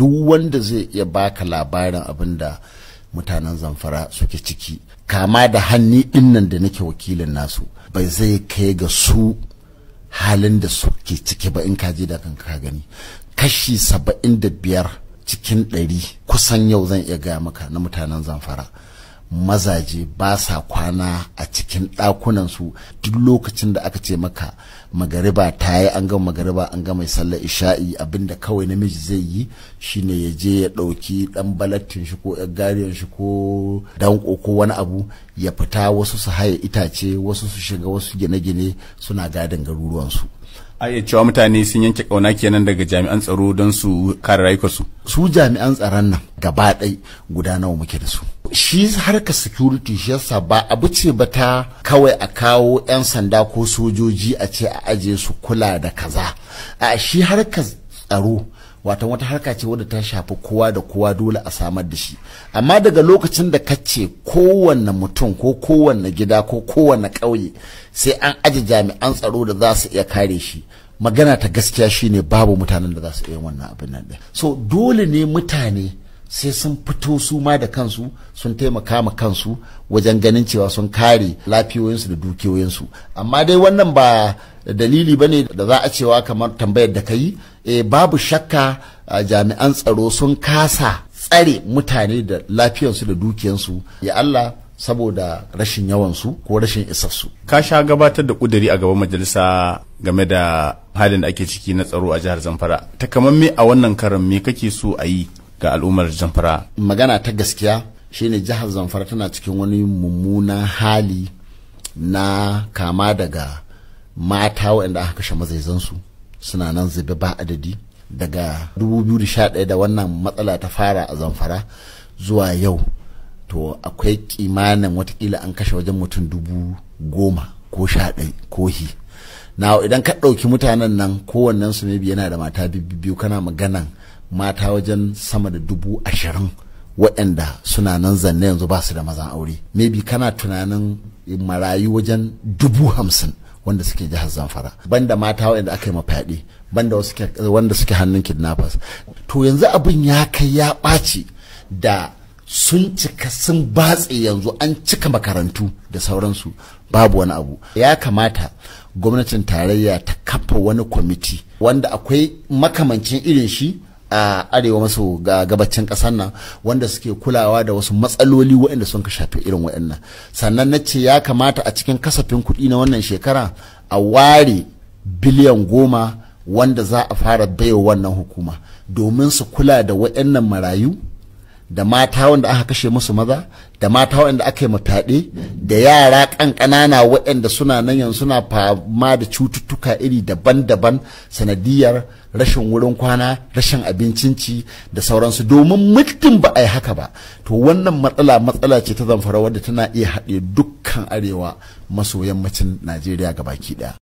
duk wanda zai iya baka labarin abin da mutanen zamfara suke ciki kama da hanni dinnan da nake wakilin nasu bai zai kai ga su halin da suke ciki ba in ka da kanka ka gani kashi saba'in da biyar cikin ɗari kusan yau zan iya gaya maka na mutanen zamfara mazaje ba sa kwana a cikin ɗakunansu duk lokacin da aka ce maka magariba ta yi an gama magariba an gama sallar isha'i abinda kawai namiji zai yi shine ya je ya ɗauki ɗan balattin shi ko gariyan shi ko danko ko wani abu ya fita wasu su haya itace wasu su shiga wasu gine-gine suna gadin garuruwansu a iya cewa mutane sun yanke ƙauna kenan daga jami'an tsaro don su kare rayukarsu su jami'an tsaron nan gaba ɗai guda nawa muke da su shi harkar security shi yasa ba abu ce ba ta kawai a kawo 'yan sanda ko sojoji a ce a aje su kula da kaza a shi harkar tsaro wata wata harka ce wadda ta shafi kowa da kowa dole a samar da shi amma daga lokacin da ka ce kowanne mutum ko kowanne gida ko kowanne ƙauye sai an aje jami'an tsaro da za su iya kare shi magana ta gaskiya shine babu mutanen da za su iya wannan abin nan so dole ne mutane sai sun fito su ma da kansu sun taimaka ma kansu wajen ganin cewa sun kare lafiyoyinsu da dukiyoyinsu amma dai wannan ba dalili ba ne da za a cewa kamar tambayar da ka yi e, babu shakka jami'an tsaro sun kasa tsare mutane da lafiyarsu da dukiyansu ya Allah saboda rashin yawansu ko rashin isassu. Ka sha gabatar da kuduri a gaban majalisa game da halin da ake ciki na tsaro a jihar Zamfara. Takamamme a wannan karan me kake so a yi ga al'ummar zamfara magana ta gaskiya shine jihar zamfara tana cikin wani mummunan hali na kama daga mata waɗanda aka kashe mazaizansu suna nan zube ba adadi daga 2011 da wannan matsala ta fara a zamfara zuwa yau to akwai kimanin watakila an kashe wajen mutum dubu goma ko sha ɗai ko hi na idan ka ɗauki mutanen nan kowannensu su yana da mata biyu kana maganan mata wajen sama da dubu ashirin waɗanda suna nan zanne yanzu ba su da mazan aure maybe kana tunanin marayu wajen dubu hamsin wanda suke jihar zamfara banda mata waɗanda aka yi mafaɗi banda wanda suke hannun kidnappers to yanzu abin ya kai ya ɓaci da sun cika sun batse yanzu an cika makarantu da sauransu babu wani abu ya kamata gwamnatin tarayya ta kafa wani kwamiti wanda akwai makamancin irin shi a arewa ga gabacin ƙasar nan wanda suke kulawa da wasu matsaloli waɗanda sun ka shafi irin waɗannan sannan na ce ya kamata a cikin kasafin kuɗi na wannan shekara a ware biliyan goma wanda za a fara baiwa wannan hukuma domin su kula da waɗannan marayu da mata wanda aka kashe musu maza da mata wanda aka yi fyaɗe da yara ƙanƙanana waɗanda suna nan yanzu suna fama da cututtuka iri daban-daban sanadiyar rashin wurin kwana rashin abincinci da sauransu domin mutum ba a yi haka ba to wannan matsala matsala ce ta zamfara wadda tana iya haɗe dukkan arewa maso yammacin najeriya gabaki ɗaya